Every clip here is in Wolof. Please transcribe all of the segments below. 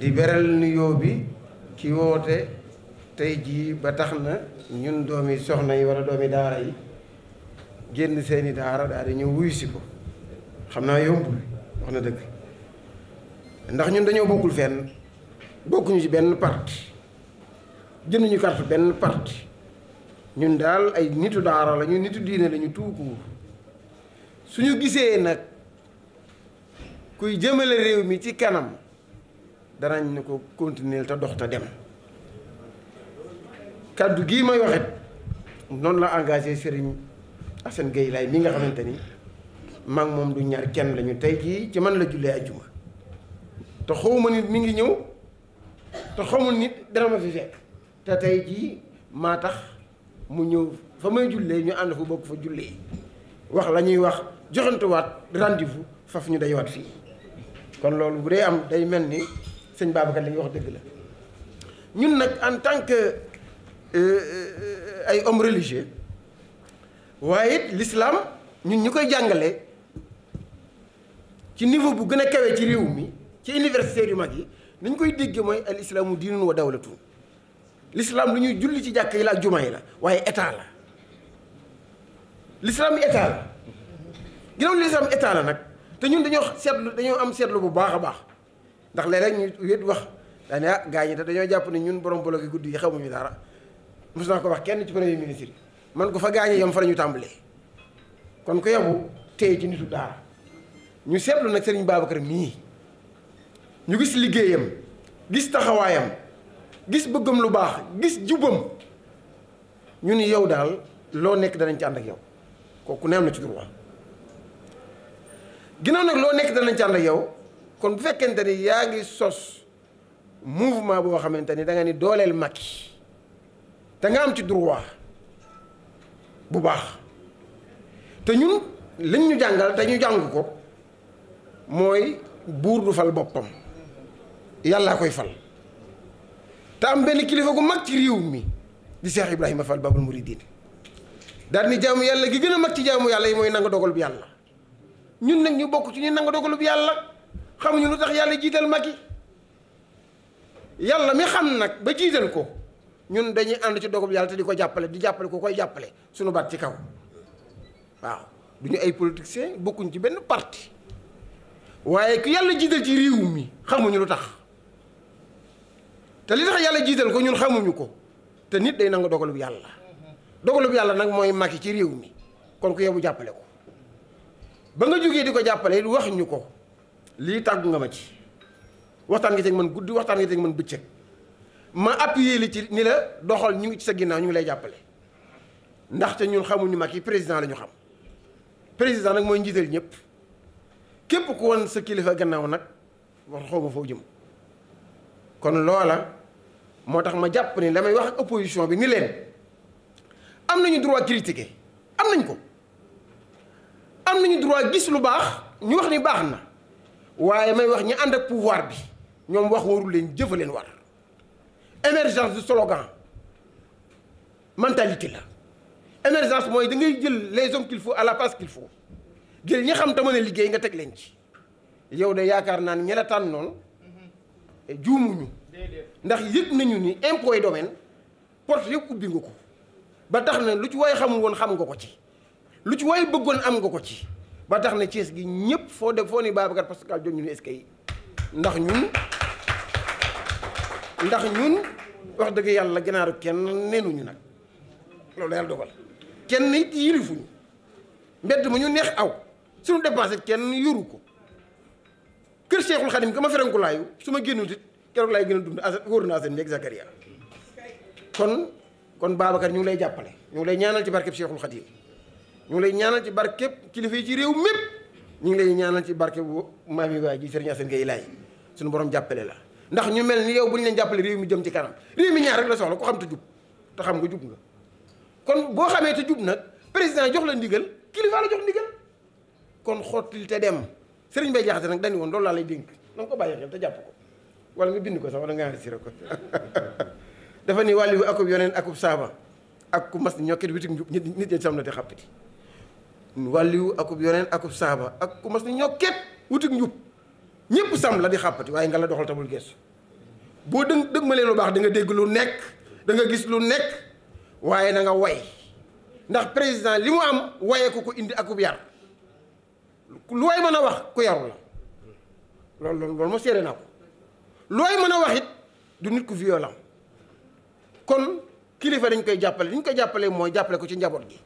di beral nuyoo bi ki woote tey jii ba tax na ñun doomi soxna yi wala doomi daara yi génn seeni daara daal ñëw wuyu si ko xam naa yombul wax na dëgg ndax ñun dañoo bokkul fenn bokkuñu ci benn parti jënduñu carte benn parti ñun daal ay nitu daara lañu ñu nitu diine la ñu tuukuur suñu gisee nag kuy jëmale réew mi ci kanam danañ ne ko continuer te dox te dem kàddu gii may waxit noonu la engagé Serigne assen Gueye laay mi nga xamante ni maa moom du ñar kenn lañu tey jii ci man la jullee ajjuma te xawma nit mi ngi ñëw te xamul nit dana ma fi fekk te tey jii maa tax mu ñëw fa may jullee ñu ànd fa bokk fa jullee wax la ñuy wax joxantuwaat rendez-vous faf ñu day waat fii kon loolu bu dee am day mel ni sëñ Babacar li wax dëgg la ñun nag en tant que euh, euh, ay homme religieux waaye it lislaam ñun ñu koy jàngale ci niveau bu gën a kawe ci réew mi ci université yu mag yi dañ koy déggee mooy al islaamu diinun wa dawlatun l'islam lu ñuy julli ci jàkk yi la ak yi la waaye état la l'islam état la ginnaaw l'islam état la nag te ñun dañoo seetlu dañoo am seetlu bu baax a baax ndax léeg-léeg ñu wét wax daane ah gars ñi dañoo jàpp ne ñun borom bolo bloqué guddi yi ñu dara mos naa ko wax kenn ci premier ministre man ko fa gaañee yam fa la ñu tàmbalee kon ko yabu téye ci nitu daara ñu seetlu nag Serigne Babacar mii ñu gis liggéeyam gis taxawaayam gis bëggam lu baax gis jubam ñu ni yow daal loo nekk danañ ci ak yow kooku ne am na ci droit ginnaaw nag loo nekk danañ ci ànd ak yow kon bu fekkente ni yaa ngi sos mouvement boo xamante ni da nga ni dooleel Macky te nga am ci droit bu baax te ñun liñ ñu jàngal te ñu jàng ko mooy buur du fal boppam yàllaa koy fal te am benn kilifa gu mag ci réew mi di Cheikh Ibrahima Fall Babul Mouridine daan ni jaamu yàlla gi gën a mag ci jaamu yàlla yi mooy nanga dogal bi yàlla ñun nag ñu bokk ci ñu nanga dogal yàlla xamuñu lu tax yàlla jiital maggi yàlla mi xam nag ba jiital ko ñun dañuy ànd ci dogub yàlla te di ko jàppale di jàppale ku koy jàppale suñu baat ci kaw waaw duñu ay politiciens bokkuñ ci benn parti waaye ku yàlla jiidal ci réew mi xamuñu lu tax te li tax yàlla jiital ko ñun xamuñu ko te nit day nangu dogalub yàlla dogalub yàlla nag mooy Macky ci réew mi kon ku yebu jàppale ko ba nga jógee di ko jàppale wax ñu ko lii tàggu nga ma ci waxtaan nga ci man guddi waxtaan nga ci man bëccëg ma appuyer li ci ni la doxal ñu ngi ci sa ginnaaw ñu ngi lay jàppale ndaxte ñun xamuñu mag yi président la ñu xam président nag mooy njiital ñëpp képp ku wan sa kilifa gannaaw nag wax xaw ma foo jëm kon loola moo tax ma jàpp ni damay wax ak opposition bi ni leen am nañu droit critiquer am nañ ko am nañu droit gis lu baax ñu wax ni baax na waaye may wax ñi ànd ak pouvoir bi ñoom wax warul leen jëfa leen war émergence du slogan mentalité la émergence mooy da ngay jël les hommes qu'il faut à la place qu'il faut jël ñi xam te mën a liggéey nga teg leen ci yow de yaakaar naa ne ñi la tànn noonu juumuñu ndax yëg nañu ni impôt et domaine porte yëpp ubbi nga ko ba tax na lu ci waay xamul woon xam nga ko ci lu ci waay bëggoon am nga ko ci ba tax na Thiès gi ñëpp foo de foo ni Babacar Pascal Diop ñu ne eskay ndax ñun ndax ñun wax dëgg yàlla ganaaru kenn nenuñu nag loolu yàlla dogal kenn it yilifuñu mbedd mu ñu neex aw suñu dépensé kenn yuru ko kër Cheikhul Khadim ka ma ferenku laayu su ma génnut it keroog laay gën a dund as wóor naa seen meeg Zakaria kon kon Babacar ñu ngi lay jàppale ñu ngi lay ñaanal ci barkeb Cheikhul Khadim ñu ngi lay ñaanal ci barkeb kilifa yi ci réew mépp ñu ngi lay ñaanal ci barkeb maam yi waay ji Serigne Assane Gueye laay suñu borom jàppale la ndax ñu mel ni yow bu ñu leen jàppale réew mi jëm ci kanam réew mi ñaar rek la soxla ko xam te jub te xam nga jub nga kon boo xamee te jub nag président jox la ndigal kilifa la jox ndigal kon xottil te dem Serigne Baye Jaxate nag dañu woon loolu laa lay dénk na ko bàyyi xel te jàpp ko wala nga bind ko sax wala nga enregistré ko dafa ni wàllu akub yoneen akub saaba ak ku mas ñokket witig njub nit ñi sam na wàlliwu akub yoneen akub saaba ak ku mas ni ñoo ket wutik njub ñëpp sam la di xàppati waaye nga la doxal tamul gees boo dëng dëg ma leen lu baax da nga dégg lu nekk da nga gis lu nekk waaye na nga way ndax président li mu am waye ko ko indi akub yar lu way mën a wax ku yaru la loolu loolu loolu ma seere naa ko looy mën a waxit it du nit ku violent kon kilifa dañ koy jàppale li ñu koy jàppalee mooy jàppale ko ci njaboot gi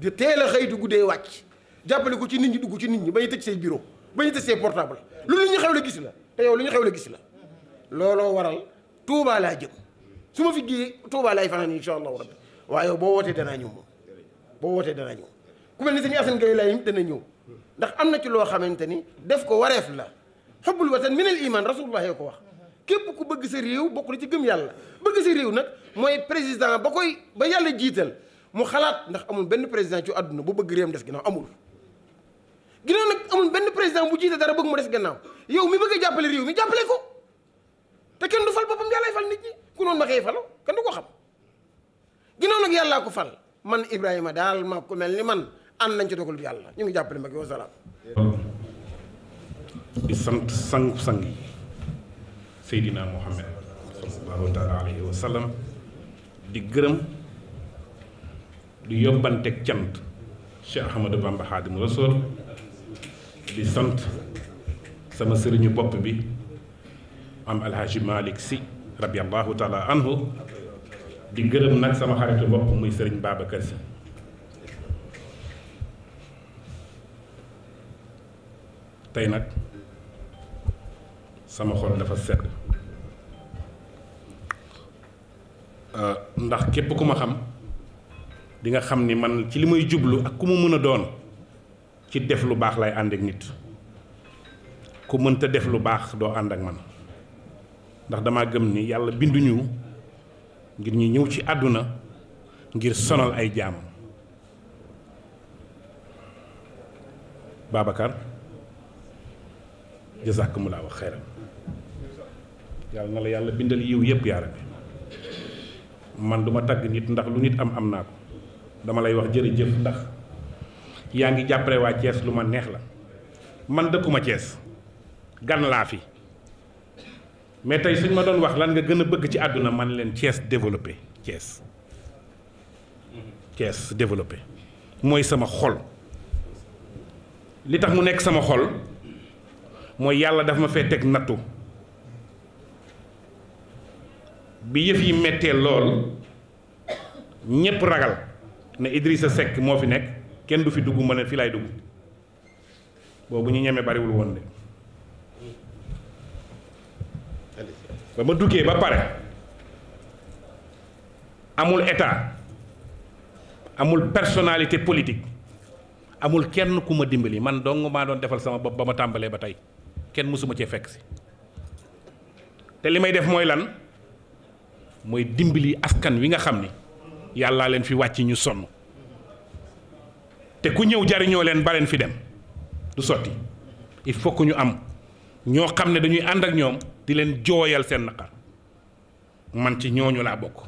di teel a xëy di guddee wàcc jàppale ko ci nit ñi dugg ci nit ñi ba ñu tëj say bureau ba ñu tëj say portable lu lu ñu xew la gis la te yow lu ñu xew la gis la looloo waral Touba laa jëm su ma fi gii Touba laay fanaan incha allahu rabbi waaye boo wootee danaa ñëw moom boo wootee danaa ñëw ku mel ni sëñ Assane Gueye laay dana ñëw ndax am na ci loo xamante ni def ko wareef la xubbul watan minal iman rasulullah yoo ko wax képp ku bëgg sa réew bokk na ci gëm yàlla bëgg sa réew nag mooy président ba koy ba yàlla jiital mu xalaat ndax amul benn président ci àdduna bu bëgg réewam des ginnaaw amul ginnaaw nag amul benn président bu jiite dara bëgg mu des gannaaw yow mi bëgg a jàppale réew mi jàppale ko te kenn du fal boppam yàllaay fal nit ñi ku noonu ma xëy falo kenn du ko xam ginnaaw nag yàllaa ko fal man Ibrahima daal maa ko mel ni man ànd nañ ci dogalub yàlla ñu ngi jàppale ma ko salaam di sant sang-sang yi Seydina Mouhamed sallallahu taala alayhi wa sallam di gërëm du yóbbanteeg cant Cheikh Ahmadou Bamba Xaadimu Rasuul di sant sama sëriñu bopp bi am alhaji Malick Sy radiallahu taala anhu di gërëm nag sama xaritu bopp muy sëriñ Babacar Sy tey nag sama xol dafa sedd ndax képp ku ma xam di xam ni man ci li may jublu ak ku mu mën a doon ci def lu baax lay ànd ak nit ku mënta def lu baax doo ànd ak man ndax dama gëm ni yàlla binduñu ngir ñu ñëw ci àdduna ngir sonal ay jaamam Babacar jazakumullahu xayran yàlla na la yàlla bindal yiw yëpp yaa bi man duma tagg nit ndax lu nit am am naa ko dama lay wax jërëjëf ndax yaa ngi jàppale waa Thiès lu ma neex la man dëkkuma Thiès gan laa fi mais tey suñ ma doon wax lan nga gën a bëgg ci àdduna man leen Thiès développé Thiès Thiès développé mooy sama xol li tax mu nekk sama xol mooy yàlla daf ma fee teg nattu bi yëf yi mettee lool ñépp ragal ne Idrissa Seck moo fi nekk kenn du fi dugg ma ne fi laay dugg boobu ñu ñemee bariwul woon de ba ma duggee ba pare amul état amul personnalité politique amul kenn ku ma dimbali man dong maa doon defal sama bopp ba ma tàmbalee ba tey kenn mësuma cee fekk si te li may def mooy lan mooy dimbali askan wi nga xam ni yàllaa leen fi wàcc ñu sonn te ku ñëw jariñoo leen ba leen fi dem du sotti il faut que ñu am ñoo xam ne dañuy ànd ak ñoom di leen jooyal seen naqar man ci ñooñu laa bokk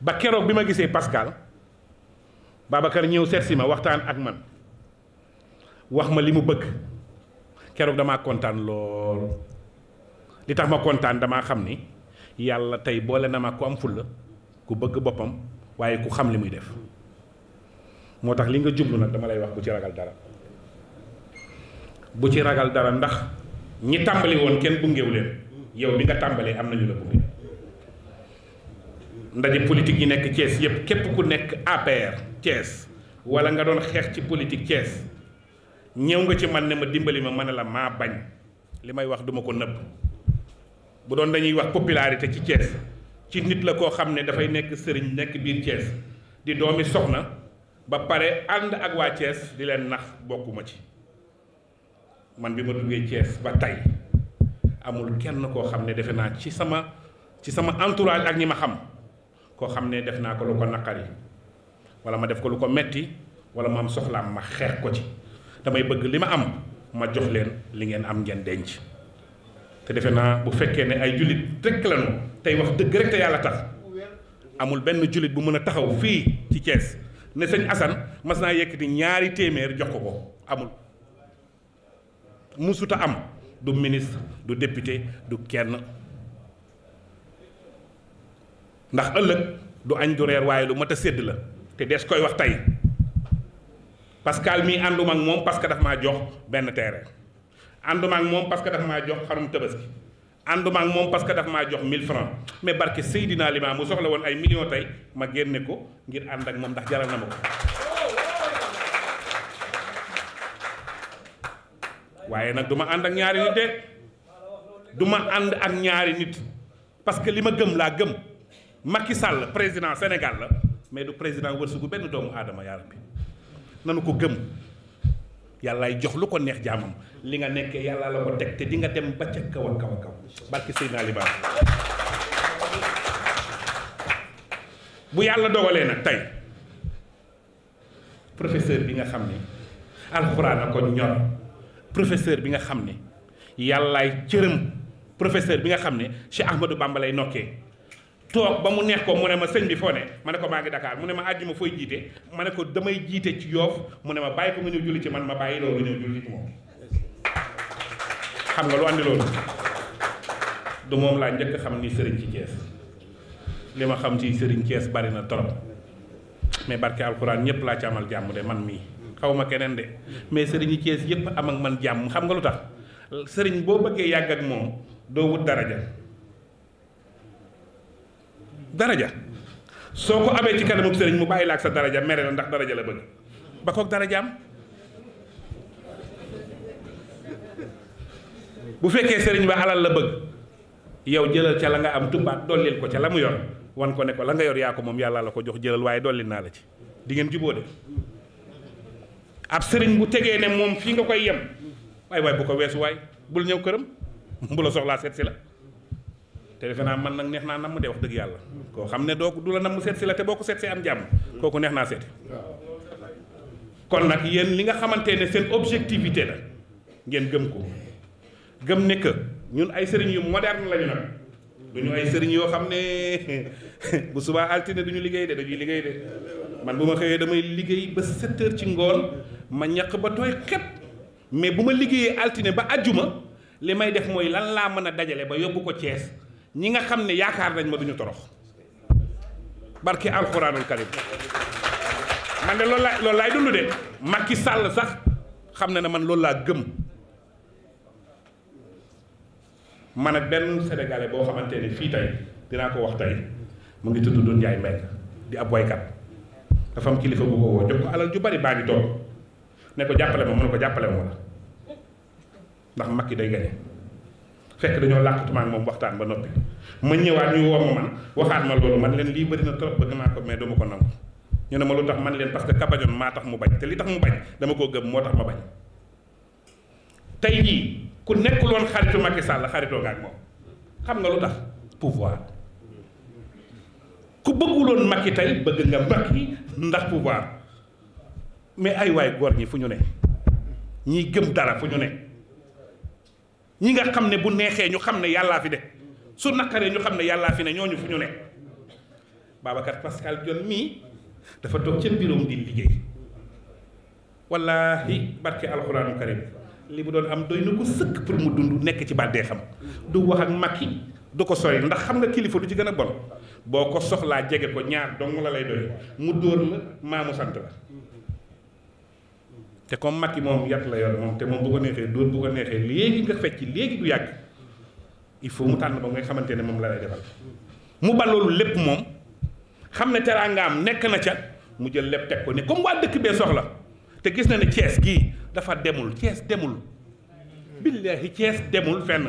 ba keroog bi ma gisee Pascal Babacar ñëw seet si ma waxtaan ak man wax ma li mu bëgg keroog damaa kontaan lool li tax ma kontaan damaa xam ni yàlla tey boole na ma ku am fulla ku bëgg boppam waaye ku xam li muy def moo tax li nga jublu nag dama lay wax bu ci ragal dara bu ci ragal dara ndax ñi tàmbali woon kenn bungeewu leen yow bi nga tàmbalee am nañu la bunge ndaje politique yi nekk Thiès yépp képp ku nekk APR Thiès wala nga doon xeex ci politique Thiès ñëw nga ci man ne ma dimbali ma ma ne la maa bañ li may wax duma ko nëpp bu doon dañuy wax popularité ci Thiès ci nit la koo xam ne dafay nekk sëriñ nekk biir Thiès di doomi soxna ba pare ànd ak waa Thiès di leen nax bokkuma ci man bi ma duggee Thiès ba tey amul kenn koo xam ne defe naa ci sama ci sama entourage ak ñi ma xam koo xam ne def naa ko lu ko naqari wala ma def ko lu ko metti wala ma am soxlaam ma xeex ko ci damay bëgg li ma am ma jox leen li ngeen am ngeen denc te defe naa bu fekkee ne ay jullit rekk lañu tey wax dëgg rek te yàlla tax amul benn jullit bu mën a taxaw fii ci Thiès ne sëñ Assane mas naa yëkkati ñaari téeméer jox ko ko amul musuta am du ministre du député du kenn ndax ëllëg du añ du reer waaye lu mat a sédd la te des koy wax tey Pascal mii ànduma ak moom parce que daf maa jox benn terrain ànduma moom parce que daf maa jox xarum tabaski ànduma moom parce que daf jox 1000 francs mais barke Seydina Limaamu mu soxla woon ay millions tey ma génne ko ngir ànd ak moom ndax jaral na ma ko waaye nag du ma ànd ak ñaari nit de du ma ànd ak ñaari nit parce que li ma gëm laa gëm Macky Sall président Sénégal la mais du président wërsëgu benn doomu aadama yàlla bi nanu ko gëm yàllaay jox lu ko neex jaamam li nga nekkee yàlla la ko teg te di nga dem ba ca kaw a kaw a kaw barki Seydina Limaam bu yàlla dogalee nag tey professeur bi nga xam ne alxuraan a ko ñor professeur bi nga xam ne yàllaay cërëm professeur bi nga xam ne Cheikh Ahmadou Bamba lay nokkee toog ba mu neex ko mu ne ma sëñ bi foo ne ma ne ko maa ngi dakaar mu ne ma àjjuma fooy jiite ma ne ko damay jiite ci yoof mu ne ma bàyyi ko nga ñëw julli ci man ma bàyyi loolu nga ñëw julli nga lu du moom laa njëkk xam ni sëriñ ci Thiès li ma xam ci sëriñ Thiès bari na trop mais barke alxuraan ñëpp laa ci amal jàmm de man mii xaw ma keneen de mais sëriñu Thiès yëpp am ak man jàmm xam nga lu tax sëriñ boo bëggee yàggat moom doo wut daraja daraja soo ko amee ci kanamu sëriñ mu bàyyi la ak sa daraja mere la ndax daraja la bëgg ba kook darajaam bu fekkee sëriñ ba alal la bëgg yow jëlal ca la nga am tumbaat dollil ko ca la mu yor wan ko ne ko la nga yor yaa ko moom yàlla la ko jox jëlal waaye dolli naa la ci di ngeen jubóo de ab sëriñ bu tegee ne moom fii nga koy yem waay waay bu ko weesu waay bul ñëw këram bu la soxlaa seet si la te defe naa man nag neex naa namm de wax dëgg yàlla koo xam ne doo du la namm seet si la te boo ko seet see am jàmm kooku neex naa seeti kon nag yéen li nga xamante ne seen objectivité la ngeen gëm ko gëm ne que ñun ay sëriñ yu moderne lañu nag du ñu ay sëriñ yoo xam ne bu subaa altine du ñu liggéey de dañuy liggéey de man bu ma xëyee damay liggéey ba 7 ci ngoon ma ñaq ba tooy xepp mais bu ma liggéeyee altine ba ajjuma li may def mooy lan laa mën a dajale ba yóbbu ko Thiès ñi nga xam ne yaakaar nañ ma duñu torox barki alxuraanul karim man de loolu laay loolu laay dund de Macky Sall sax xam na ne man loolu laa gëm man ak benn sénégalais boo xamante ne fii tey dinaa ko wax tey mu ngi tudd Doudou Ndiaye Mbengue di ab waykat dafa am kilifa bu ko jox ko alal ju bari baa ngi toog ne ko jàppale ma mu ne ko jàppale ma la ndax ki day gañe fekk dañoo làqatu ma ak moom waxtaan ba noppi ma ñëwaat ñu woo ma man waxaat ma loolu man leen lii bëri na trop bëgg naa ko mais dama ko nangu ñu ne ma lu tax man leen parce que kabañoon maa tax mu bañ te li tax mu bañ dama koo gëm moo tax ma bañ tey jii ku nekkuloon xaritu Macky Sall xaritoo nga ak moom xam nga lu tax pouvoir ku bëgguloon mag Macky tey bëgg nga Macky ndax pouvoir mais ay waay góor ñi fu ñu ne ñiy gëm dara fu ñu ne ñi nga xam ne bu neexee ñu xam ne yàllaa fi de su naqaree ñu xam ne yàllaa fi ne ñooñu fu ñu ne Babacar Pascal Dione mii dafa toog ca biroom di liggéey wallaahi barke alxuraanu karim li bu doon am doy na ko sëkk pour mu dund nekk ci bàddee xam du wax ak Macky du ko sori ndax xam nga kilifa du ci gën a bon boo ko soxlaa jege ko ñaar dong la lay doy mu dóor la maamu sant la te comme Macky moom yat la yor moom te moom bu ko neexee dóor bu ko neexee léegi nga fecc léegi du yàgg il faut mu tànn ba ngay xamante ne moom la demal mu ba lépp moom xam ne teraangaam nekk na ca mu jël lépp teg ko ne comme waa dëkk bee soxla te gis na ne Thiès gii dafa demul Thiès demul billaahi Thiès demul fenn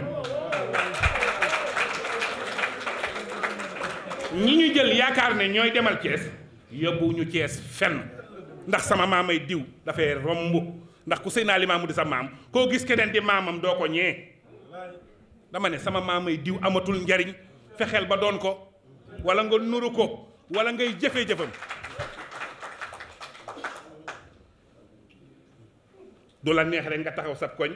ñi ñu jël yaakaar ne ñooy demal Thiès yóbbu ñu Thiès fenn ndax sama maamay diw dafay romb ndax ku sëy naa li maamu di sa maam koo gis keneen di maamam doo ko ñee dama ne sama maam maamay diw amatul njariñ fexeel ba doon ko wala nga nuru ko wala ngay jëfee jëfam du la neex rek nga taxaw sab koñ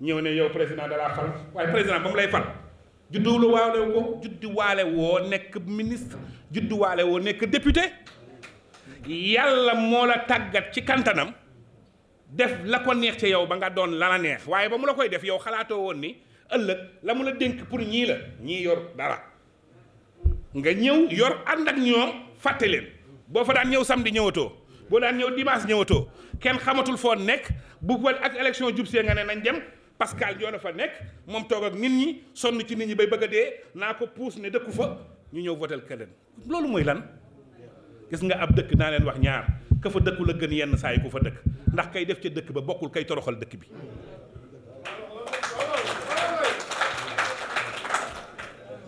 ñëw ne yow président da laa fal waaye président ba mu lay fan juddu waale woo juddu waale woo nekk ministre judduwaale woo nekk député yàlla moo la tàggat ci kantanam def la ko neex ci yow ba nga doon la neex waaye ba mu la koy def yow xalaatoo woon ni ëllëg la mu la dénk pour ñii la ñii yor dara nga ñëw yor ànd ak ñoom fàtte leen boo fa daan ñëw samedi ñëwatoo boo daan ñëw dimanche ñëwatoo kenn xamatul foo nekk bu ko ak élection jub see nga ne nañ dem Pascal ñoo na fa nekk moom toog ak nit ñi sonn ci nit ñi bay bëgg a dee naa ko puus ne dëkku fa ñu ñëw votel keneen loolu mooy lan. gis nga ab dëkk naa leen wax ñaar ka fa dëkku la gën yenn saa yi ku fa dëkk ndax kay def ca dëkk ba bokkul kay toroxal dëkk bi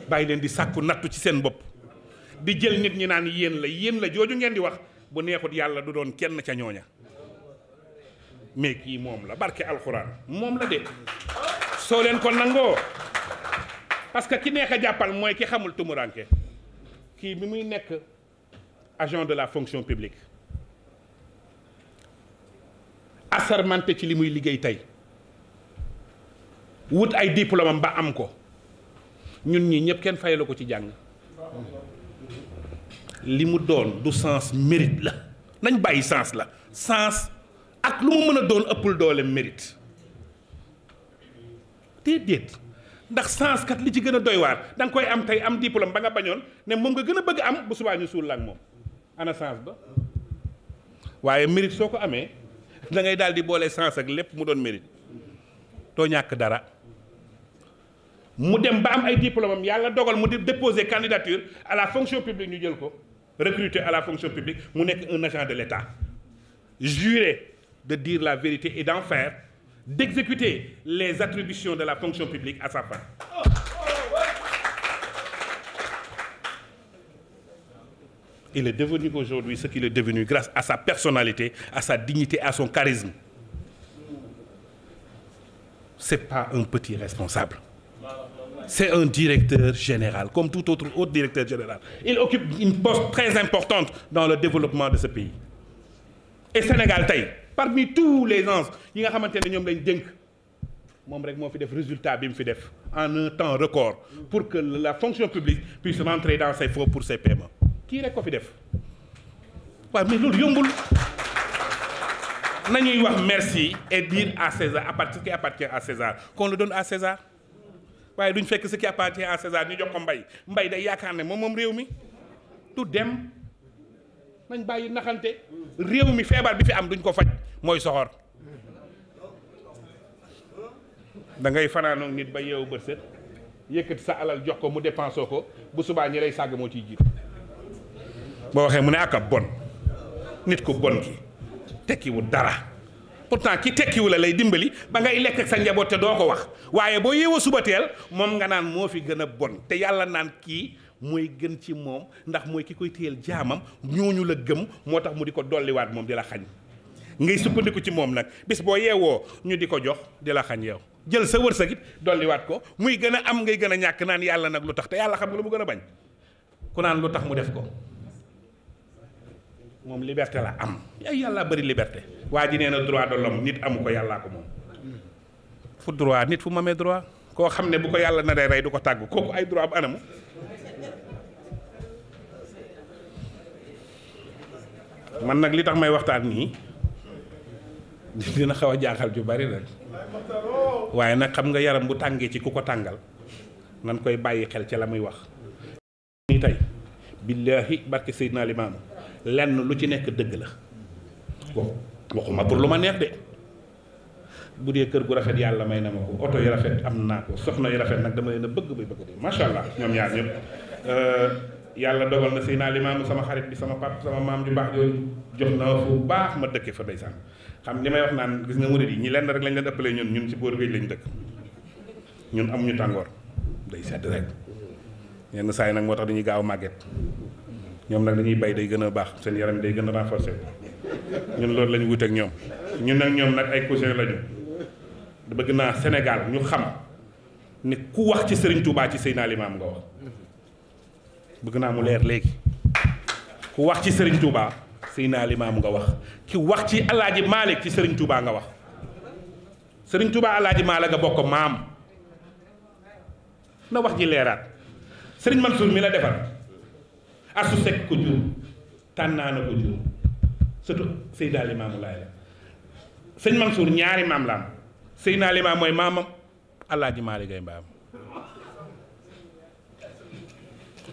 bàyyi leen di sàkku nattu ci seen bopp di jël nit ñi naan yéen la yéen la jooju ngeen di wax bu neexut yàlla du doon kenn ca ñooña mais kii moom la barke alxuraan moom la de soo leen ko nangoo parce que ki neex a jàppal mooy ki xamul tumuranke kii bi muy nekk agent de la fonction publique assermenté ci li muy liggéey tey wut ay diplôme am ba am ko ñun ñii ñëpp kenn fayalu ko ci jàng li mu doon du sens mérite la nañ bàyyi sens la sens ak lu mu mën a doon ëppul doole mérite déedéet ndax sens kat li ci gën a doy waar da koy am tey am diplôme ba nga bañoon ne moom nga gën a bëgg am bu subaa ñu suul la ak moom. ana sens ba waaye mérite soo ko amee da ngay daal di boole sens ak lépp mu doon mérite doo ñàkk dara mu dem ba am ay diplôme am yàlla dogal mu di déposer candidature à la fonction publique ñu jël ko recruter à la fonction publique mu nekk un agent de l'État juré de dire la vérité et d'en faire d'exécuter les attributions de la fonction publique à sa part il est devenu aujourd'hui ce qu'il est devenu grâce à sa personnalité, à sa dignité, à son charisme. C'est pas un petit responsable. C'est un directeur général, comme tout autre autre directeur général. Il occupe une poste très importante dans le développement de ce pays. Et Sénégal tey parmi tous les gens yi nga xamante ne ñoom lañ dénk moom rek moo fi def résultat bi mu fi def en un temps record pour que la fonction publique puisse rentrer dans ses pour ses kii rek ko fi def waaw mais loolu yombul nañuy wax merci et dire à César à partir ce qui à César qu'on le doon à César waaye duñ fekk ce qui appartient à César ñu jox ko mbay mbay day yaakaar ne moom moom réew mi du dem nañ bàyyi naxante réew mi feebar bi fi am duñ ko faj mooy soxor da ngay fanaanoog nit ba yeewu bërset yëkkati sa alal jox ko mu dépensé ko bu subaa ñi lay sàgg moo ciy jiitu boo waxee mu ne ak a bon nit ku bon ki tekkiwu dara pourtant ki tekkiwu la lay dimbali ba ngay lekk sa njaboot te doo ko wax waaye boo yeewoo suba teel moom nga naan moo fi gën a bon te yàlla naan kii mooy gën ci moom ndax mooy ki koy téyel jaamam ñooñu la gëm moo tax mu di ko dolliwaat moom di la xañ ngay sukkandiku ci moom nag bis boo yeewoo ñu di ko jox di la xañ yow jël sa wërsëg it dolliwaat ko muy gën a am ngay gën a ñàkk naan yàlla nag lu tax te yàlla xam nga lu mu gën a bañ ku naan lu tax mu def ko moom liberté la am ay yàlla bëri liberté waa ji nee na droit de lom nit amu ko yàllaa ko moom fu droit nit fu mu amee droit koo xam ne bu ko yàlla na day rey du ko tàgg kooku ay droit am anamu man nag li tax may waxtaan nii dina xaw a jaaxal ju bari nag waaye nag xam nga yaram bu tàngee ci ku ko tàngal nan koy bàyyi xel ci la muy wax nii tey billaahi barke Seydina Limaamu lenn lu ci nekk dëgg la waxuma pour lu ma neex de bu dee kër gu rafet yàlla may na ma ko oto yi rafet am naa ko soxna yu rafet nag dama leen bëgg ba bëgg de macha allah ñoom ñaar ñëpp euh, yàlla dogal na si naa limaamu sama xarit bi sama pap sama maam ju baax yooyu jox na bu baax ma dëkkee fa ndeysaan xam li may wax naan gis nga murid yi ñi lenn rek lañ leen ëppalee ñun ñun ci boor géej lañ dëkk ñun amuñu tàngoor day sedd rek yenn saa yi nag moo tax dañuy gaaw màgget ñoom nag dañuy bay day gën a baax seen yaram day gën a renforcé ñun loolu la ñu wut ak ñoom ñun nag ñoom nag ay cousin lañu bëgg naa Sénégal ñu xam ne ku wax ci sëriñ Touba ci Seydina Limaam nga wax bëgg naa mu leer léegi ku wax ci Serigne Touba Seydina Limaam nga wax ki wax ci El Hadj Malick ci Serigne Touba nga wax sëriñ Touba El Hadj nga bokk maam na wax ji leeraat sëriñ Serigne Mansour mi la defar. asu sekk ko jur tànnaana ko jur surtout Seydina Limaamu Laay la sëñ Mansour ñaari maam la am Seydina Limaam mooy maamam Alaaji Maalik Gay mbaam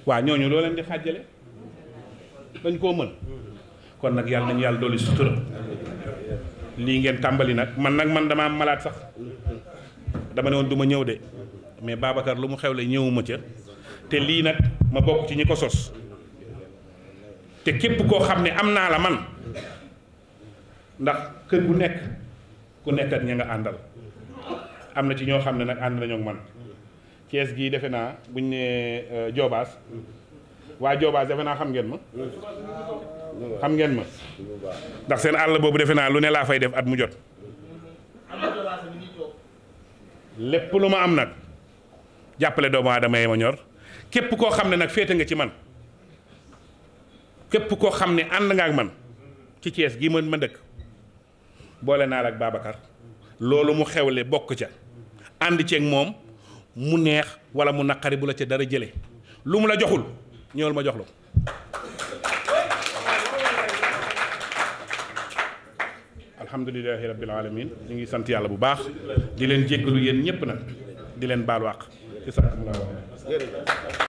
waa ñooñu loo leen di xàjjale dañ koo mën kon nag yàlla nañu yàlla dolli sutura lii ngeen tàmbali nag man nag man damaa malaat sax dama ne woon du ñëw de mais Babacar lu mu xewle ñëwuma ca te lii nag ma bokk ci ñi ko sos te képp koo xam ne am naa la man ndax kër gu nekk ku nekk ak ña nga àndal am na ci ñoo xam ne nag ànd nañoo man Cees gii defe naa buñ ne euh, Joobaas waa Joobaas defe naa xam ngeen ma xam ngeen ma ndax seen àll boobu defe naa lu ne laa fay def at mu jot lépp lu ma am nag jàppale doomu aadama yi ma ñor képp koo xam ne nag féete nga ci man képp koo xam ne ànd nga man ci Thiès gi man ma dëkk boole naa la ak Babacar loolu mu xewle bokk ca ànd ceeg moom mu neex wala mu naqari bu la ca dara jëlee lu mu la joxul ñëwal ma jox la alhamdulilahi rabbil alamin ñu ngi sant yàlla bu baax di leen jéggalu yéen ñëpp nag di leen baal wàq ci sàkkum laa wax